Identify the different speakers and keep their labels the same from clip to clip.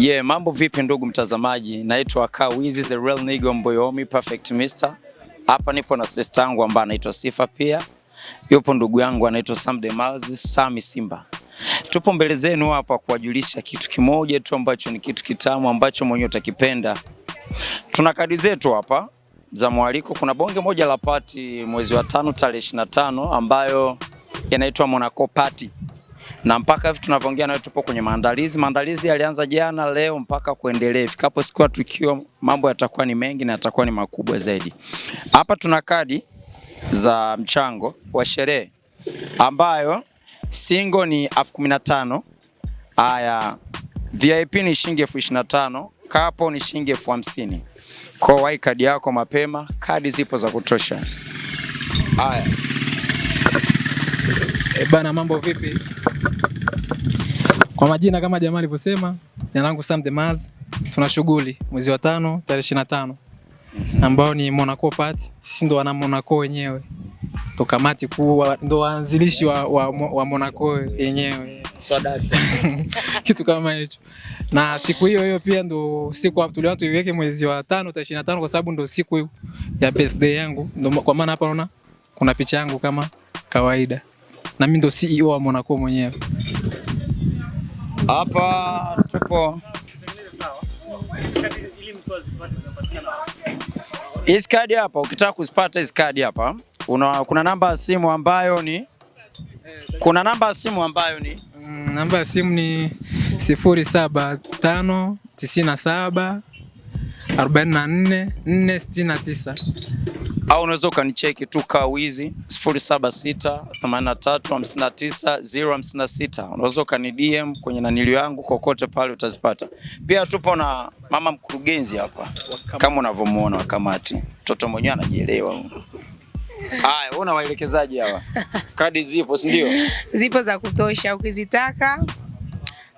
Speaker 1: Ye yeah, mambo vipi ndugu mtazamaji, naitwa Kawizi the real nigga Mboyomi perfect mister. Hapa nipo na sister yangu ambaye anaitwa Sifa, pia yupo ndugu yangu anaitwa Sam de Mals, Sami Simba. Tupo mbele zenu hapa kuwajulisha kitu kimoja tu ambacho ni kitu kitamu ambacho mwenyewe utakipenda. Tuna kadi zetu hapa za mwaliko. Kuna bonge moja la pati mwezi wa tano tarehe 25 ambayo yanaitwa Monaco party na mpaka hivi tunavyoongea nayo tupo kwenye maandalizi. Maandalizi yalianza jana, leo mpaka kuendelea. Ifikapo siku ya tukio, mambo yatakuwa ni mengi na yatakuwa ni makubwa zaidi. Hapa tuna kadi za mchango wa sherehe ambayo single ni elfu kumi na tano haya VIP ni shilingi elfu ishirini na tano kapo ni shilingi elfu hamsini Kwa wai kadi yako mapema, kadi zipo za kutosha. Haya. E bana, mambo vipi? Kwa majina kama jamaa alivyosema, jina langu Sam the Mars. Tuna shughuli mwezi wa tano tarehe 25 ambao ni Monaco party. Sisi ndo wana Monaco wenyewe, ndo kamati kuu, ndo waanzilishi wa, wa, wa Monaco yenyewe kitu kama hicho. Na siku hiyo hiyo pia ndo siku tuliona tuiweke mwezi wa tano tarehe 25 kwa sababu ndo siku ya birthday yangu, ndo kwa maana hapa unaona kuna picha yangu kama kawaida, na mimi ndo CEO wa Monaco mwenyewe. Hapa tupo iskadi hapa, ukitaka kuzipata iskadi hapa una, kuna namba ya simu ambayo ni kuna namba ya simu ambayo ni
Speaker 2: mm, namba ya simu ni 0759744469
Speaker 1: au unaweza ukanicheki tu Kawizi 0768359056. Unaweza ukani DM kwenye nanilio yangu kokote pale utazipata. Pia tupo na mama mkurugenzi hapa kama unavyomuona wa kamati, mtoto mwenyewe anajielewa. Haya, una waelekezaji hawa, kadi zipo, si ndio?
Speaker 3: Zipo za kutosha, ukizitaka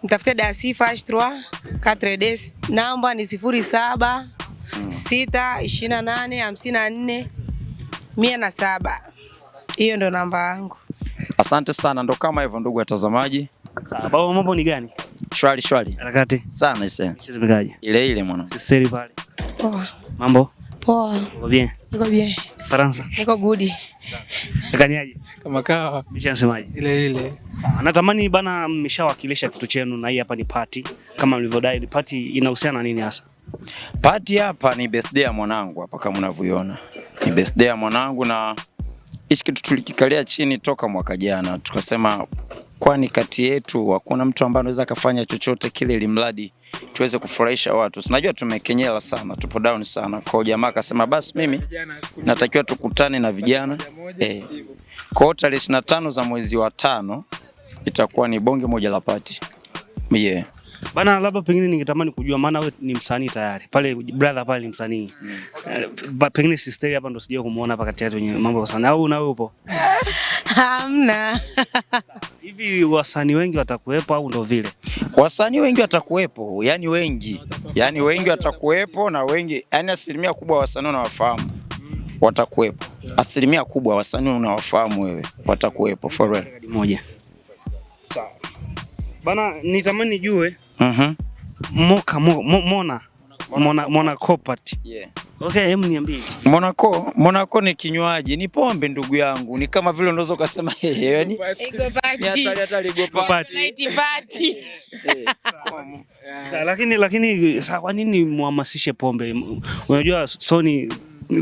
Speaker 3: mtafute Dasifa Ashtra Katrades, namba ni sifuri saba sita ishirini na nane hamsini na nne mia na saba. Hiyo ndo namba yangu.
Speaker 1: Asante sana, ndo kama hivyo ndugu watazamaji.
Speaker 4: Sawa baba, mambo ni gani? Shwari shwari. Harakati. Sana ise. Ile
Speaker 1: ile mwana. Sisi
Speaker 4: pale. Poa. Mambo?
Speaker 3: Poa. Niko bien. Niko bien.
Speaker 4: Faransa. Niko good. Kaniaje?
Speaker 2: Kama kawa. Mimi
Speaker 4: nasemaje? Ile ile. Sana. Natamani bana, mmeshawakilisha kitu chenu na hii hapa ni party. Kama mlivyodai, ni party inahusiana na nini hasa?
Speaker 1: Pati hapa ni birthday ya mwanangu hapa, kama unavyoiona ni birthday ya mwanangu, na hichi kitu tulikikalia chini toka mwaka jana, tukasema kwani kati yetu hakuna mtu ambaye anaweza akafanya chochote kile, ili mradi tuweze kufurahisha watu. Sinajua tumekenyela sana, tupo down sana. Kwa hiyo jamaa akasema basi mimi natakiwa tukutane na vijana eh. Kwa hiyo tarehe 25 za mwezi wa tano itakuwa ni bonge moja la pati yeah.
Speaker 4: Bana, labda pengine ningetamani kujua, maana wewe ni msanii tayari pale, brother pale ni msanii mm. Eh, pengine sister hapa ndo sija kumuona hapa kati yetu kwenye mambo ya sanaa, au nawe upo?
Speaker 3: Hamna
Speaker 4: hivi wasanii wengi watakuwepo au ndo vile?
Speaker 1: Wasanii wengi watakuwepo, yani wengi, yani wengi watakuwepo na wengi, yani asilimia kubwa wasanii unawafahamu watakuwepo, asilimia kubwa wasanii unawafahamu wewe watakuwepo for real.
Speaker 4: Moja bana, nitamani nijue Mhm. Mona Mona Mona
Speaker 1: Monaco, Monaco ni kinywaji, ni pombe ndugu yangu. Ni kama vile unaweza ukasema
Speaker 4: lakini lakini saa kwa nini muhamasishe pombe? Unajua Sony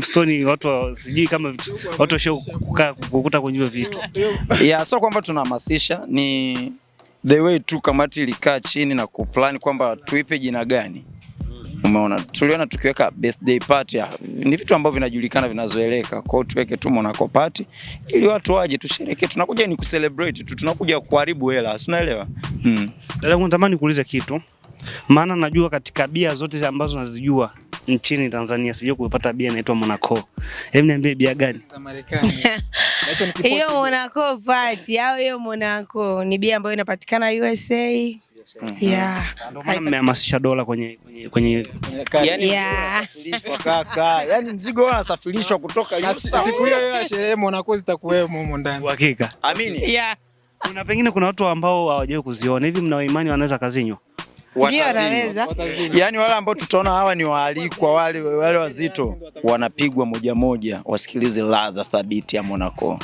Speaker 4: Stoni watu sijui kama watu washa kukuta kwenye vitu.
Speaker 1: Yeah, so kwamba tunahamasisha ni the way tu kamati ilikaa chini na kuplan kwamba tuipe jina gani. Umeona, tuliona tukiweka birthday party ni vitu ambavyo vinajulikana vinazoeleka, kwa hiyo tuweke tu Monaco party ili watu waje tusherekee Tunakuja ni kucelebrate tu, tunakuja kuharibu hela, unaelewa? Mm.
Speaker 4: Dada, natamani kuuliza kitu, maana najua katika bia zote ambazo nazijua nchini Tanzania sijui kupata bia inaitwa Monaco. Hebu niambie bia gani? Marekani.
Speaker 3: hiyo Monaco party au hiyo Monaco ni bia ambayo inapatikana USA. Mm-hmm. Yeah. Ndio
Speaker 4: maana mmehamasisha dola kwenye kwenye
Speaker 3: yani
Speaker 1: kaka. Yaani mzigo wao unasafirishwa kutoka USA. Siku
Speaker 2: hiyo hiyo sherehe Monaco zitakuwemo humo ndani.
Speaker 1: Hakika. Amini. Yeah.
Speaker 4: Kuna pengine kuna watu ambao hawajawahi kuziona hivi, mna imani wanaweza kazinywa?
Speaker 1: ndio yaani, wale ambao tutaona hawa ni waalikwa wale wale wazito wanapigwa moja moja, wasikilize ladha thabiti ya Monaco.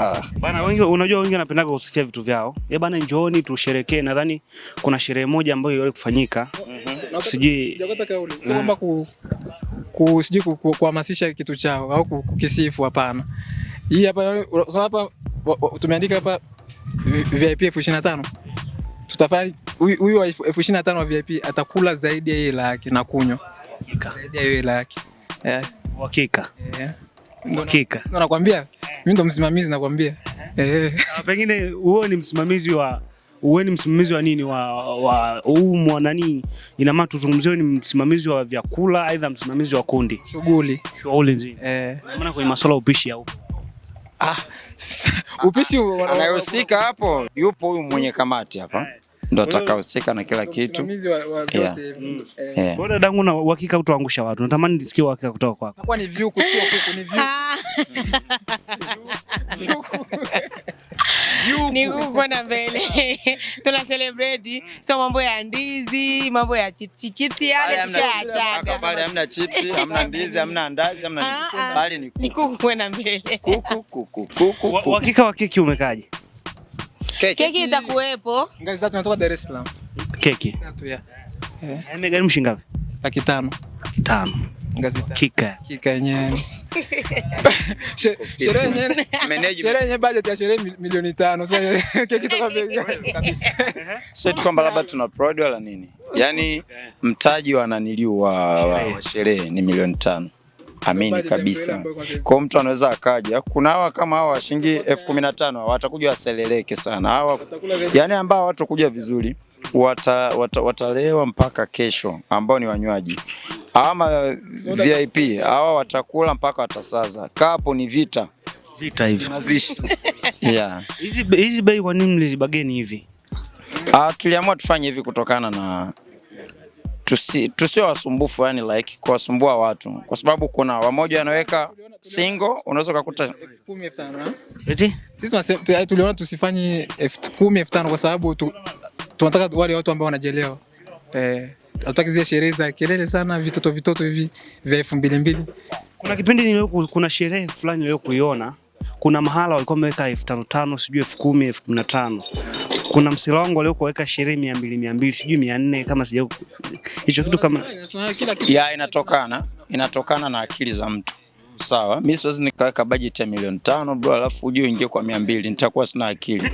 Speaker 1: Ah.
Speaker 4: Bana wengi, unajua wengi wanapendaga kusifia vitu vyao. Eh bana, njooni tusherekee. Nadhani kuna sherehe moja ambayo iliwahi kufanyika mhm. sijui
Speaker 2: eh. sijui kuhamasisha kitu chao au kukisifu, hapana. Hii hapa hapa tumeandika hapa VIP elfu ishirini na tano tutafanya huyu wa elfu ishirini na tano wa VIP atakula zaidi ya hiyo hela yake na kunywa zaidi ya hiyo hela yake.
Speaker 4: Eh. Hakika. Eh. Hakika. Ndio
Speaker 2: nakwambia. Mimi ndo msimamizi nakwambia. Eh.
Speaker 4: Na ah, Pengine wewe ni msimamizi wa wewe ni msimamizi wa nini wa wa huu mwanani, ina maana tuzungumzie ni msimamizi wa vyakula, aidha msimamizi wa kundi, shughuli shughuli nzima
Speaker 2: eh, maana kwenye
Speaker 4: masuala ya upishi au
Speaker 2: ah, upishi
Speaker 1: anayehusika hapo yupo huyu mwenye kamati hapa eh ndo atakaohusika na kila kitu. Wewe
Speaker 4: mm. eh. dangu na uhakika utaangusha watu, natamani nisikie uhakika kutoka kwako. Kwa
Speaker 2: Ni view kutoka huko ni view
Speaker 3: ni huko na mbele tuna celebrate, so mambo ya ndizi, mambo ya chipsi, chipsi yale tushaachaga Bali
Speaker 1: Hamna chipsi, hamna ndizi, hamna ndazi, hamna ah,
Speaker 3: ah. bali ni kuku kwenda mbele.
Speaker 1: Kuku kuku kuku. Uhakika
Speaker 4: wa keki umekaje?
Speaker 3: Keki itakuwepo.
Speaker 2: Ngazi tatu natoka Dar es Salaam.
Speaker 4: Keki. Tatu ya. Eh. Imegharimu shilingi ngapi? Laki tano. Laki tano. Ngazi tatu. Kika. Kika
Speaker 2: yenyewe. Sherehe yenyewe. Sherehe yenyewe budget ya sherehe milioni tano. Sasa keki itakuwa bei kabisa.
Speaker 1: Sio uh-huh. tu labda tuna prod wala nini. Yaani mtaji wa naniliu wa sherehe ni milioni tano amini kabisa. Kwa mtu anaweza akaja, kuna hawa kama hawa shilingi elfu kumi na tano watakuja waseleleke sana hawa, yani ambao watakuja vizuri wata, wata, watalewa mpaka kesho, ambao ni wanywaji ama VIP hawa watakula mpaka watasaza. Kapo ni vita vita hivi yeah.
Speaker 4: hizi bei kwa nini mlizibageni hivi?
Speaker 1: Ah, tuliamua tufanye hivi kutokana na tusi tusiwe wasumbufu, yani like kuwasumbua watu, kwa sababu kuna wamoja wanaweka single, unaweza ukakuta eh?
Speaker 2: sisi eh, tuliona tusifanyi elfu kumi elfu tano kwa sababu tunataka tu wale watu ambao wanajielewa eh, hatutaki zile sherehe za kelele sana, vitoto vitoto hivi vya elfu mbili mbili.
Speaker 4: Kuna kipindi kuna sherehe fulani niliyokuiona, kuna mahala walikuwa wameweka elfu tano tano, sijui elfu kumi elfu kumi na tano kuna msela wangu waliokuweka sherehe mia mbili mia mbili sijui mia nne kama sija hicho kitu kama
Speaker 1: ya inatokana inatokana na akili za mtu sawa. Mimi siwezi nikaweka bajeti ya milioni tano bro, alafu ujue uingie kwa mia mbili nitakuwa sina akili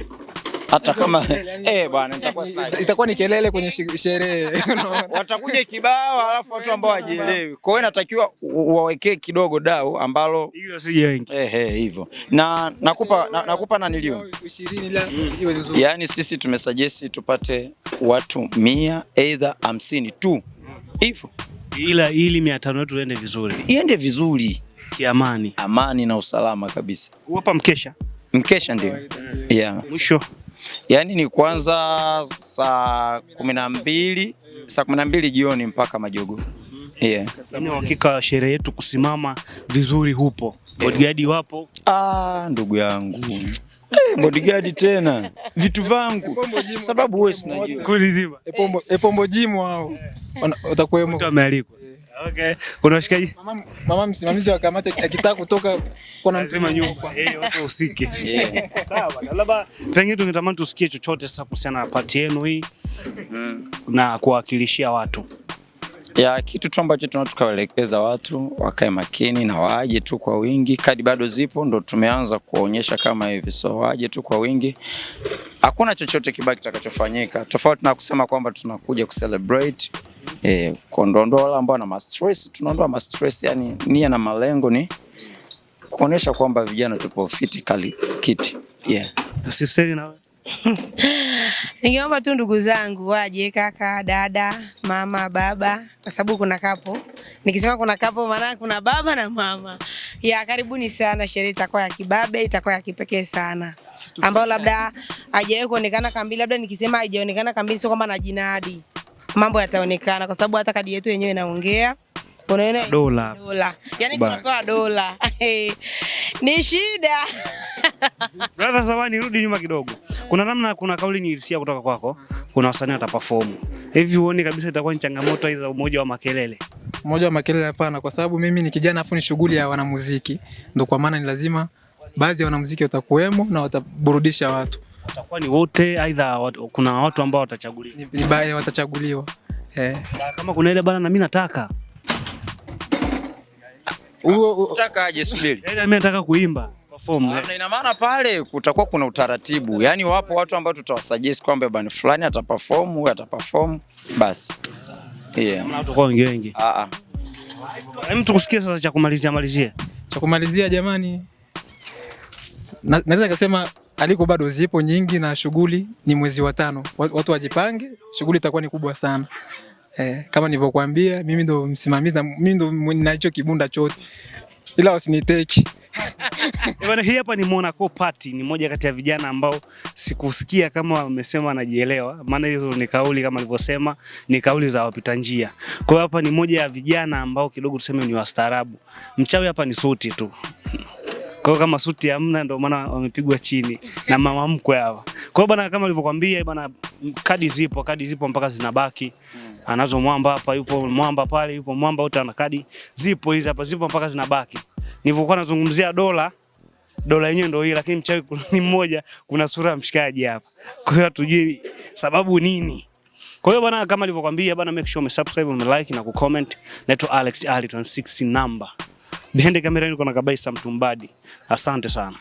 Speaker 1: hata kama eh bwana, nitakuwa sniper, itakuwa
Speaker 2: ni kelele kwenye sherehe
Speaker 1: watakuja kibao, alafu watu ambao hawajielewi. Kwa hiyo inatakiwa wawekee kidogo dau ambalo hilo
Speaker 4: sije wengi eh
Speaker 1: eh, hivyo na nakupa nakupa na nilio 20 la mm. Yani sisi tumesuggest tupate watu 100 either 50 tu hivyo,
Speaker 4: ila ili 500 tano yetu iende vizuri, iende
Speaker 1: vizuri kiamani, amani na usalama kabisa.
Speaker 4: Uwapa mkesha
Speaker 1: mkesha ndio, yeah mwisho yaani ni kwanza saa kumi na mbili saa kumi na mbili jioni mpaka majogo. Yeah. Yaani
Speaker 4: hakika sherehe yetu kusimama vizuri hupo. Bodyguard wapo?
Speaker 1: Ah, ndugu yangu hey, eh, bodyguard tena vitu vangu sababu wewe unajua. Kuli
Speaker 2: Epombo, epombo jimu hao. Utakuwa mtu
Speaker 4: amealikwa. Eh. Okay. Unawashikaje? Mama,
Speaker 2: mama msimamizi wa kamati akitaka kutoka
Speaker 4: kuna mzima nyumba. Yeye wote usike. Sawa Labda pengine tungetamani tusikie chochote sasa kuhusiana na pati yenu hii na kuwakilishia watu.
Speaker 1: Ya kitu tu ambacho tunatukaelekeza watu wakae makini na waje tu kwa wingi, kadi bado zipo, ndo tumeanza kuwaonyesha kama hivi, so waje tu kwa wingi. Hakuna chochote kibaki kitakachofanyika tofauti na kusema kwamba tunakuja kucelebrate E, eh, kuondoa wale ambao na stress, tunaondoa ma stress yani nia na malengo ni kuonesha kwamba vijana tupo fit kali kiti. Yeah.
Speaker 2: Sister wewe.
Speaker 3: Ningeomba tu ndugu zangu waje, kaka, dada, mama, baba, kwa sababu kuna kapo. Nikisema kuna kapo, maana kuna baba na mama. Ya, karibuni sana. Sherehe itakuwa ya kibabe, itakuwa ya kipekee sana, ambao labda haijawahi kuonekana kambi. Labda nikisema haijaonekana kambi, sio kwamba najinadi mambo yataonekana, kwa sababu hata kadi yetu yenyewe inaongea unaona dola dola, yani tunapewa dola ni shida
Speaker 4: sasa. Sawa, nirudi nyuma kidogo. Kuna namna, kuna kauli nilisikia kutoka kwako, kuna wasanii wataperform hivi, uone kabisa itakuwa ni changamoto hizo, umoja wa makelele
Speaker 2: mmoja wa makelele? Hapana, kwa sababu mimi ni kijana afu ni shughuli ya wanamuziki, ndio kwa maana ni lazima baadhi ya wanamuziki watakuwemo na wataburudisha watu.
Speaker 4: Watakuwa ni wote aidha wat, kuna watu ambao watachaguliwa. Ni, ni
Speaker 2: baadhi watachaguliwa. Eh. Ah,
Speaker 4: kama kuna ile bana na mimi nataka.
Speaker 1: Huo nataka
Speaker 4: aje subiri. Ile yaani mimi nataka kuimba. Ah, na ina
Speaker 1: maana pale kutakuwa kuna utaratibu, yaani wapo watu ambao tutawasuggest kwamba bwana fulani ataperform, huyu ataperform, basi. Yeah. Watakuwa wengi wengi. Ah ah.
Speaker 4: Mtu kusikia sasa cha kumalizia malizia.
Speaker 2: Cha kumalizia jamani. Naweza nikasema aliko bado zipo nyingi na shughuli ni mwezi wa tano, watu wajipange, shughuli itakuwa ni kubwa sana. Eh, kama nilivyokuambia mimi ndo msimamizi na mimi ndo ninacho kibunda chote, ila usiniteki
Speaker 4: Bwana, hii hapa ni Monaco Party, ni moja kati ya vijana ambao sikusikia kama wamesema anajielewa, maana hizo ni kauli kama alivyosema ni kauli za wapita njia. Kwa hiyo hapa ni moja ya vijana ambao kidogo tuseme ni wastaarabu. Mchawi hapa ni suti tu. Kwa hiyo kama suti hamna, ndio maana wamepigwa chini na mama mkwe hawa. Kwa hiyo bana, kama nilivyokuambia bana, kadi zipo, kadi zipo mpaka zinabaki. Anazo mwamba hapa, yupo mwamba pale, yupo mwamba wote, ana kadi zipo hizi hapa, zipo mpaka zinabaki. Nilivyokuwa nazungumzia dola dola yenyewe ndio hii, lakini mchawi ni mmoja, kuna sura ya mshikaji hapa. Kwa hiyo hatujui sababu nini. Kwa hiyo bana, kama nilivyokuambia bana, make sure subscribe umesubscribe, like na kucomment. Naitwa Alex Ali 26 number. Behind the camera niko na Kabaisa Mtumbadi. Asante sana.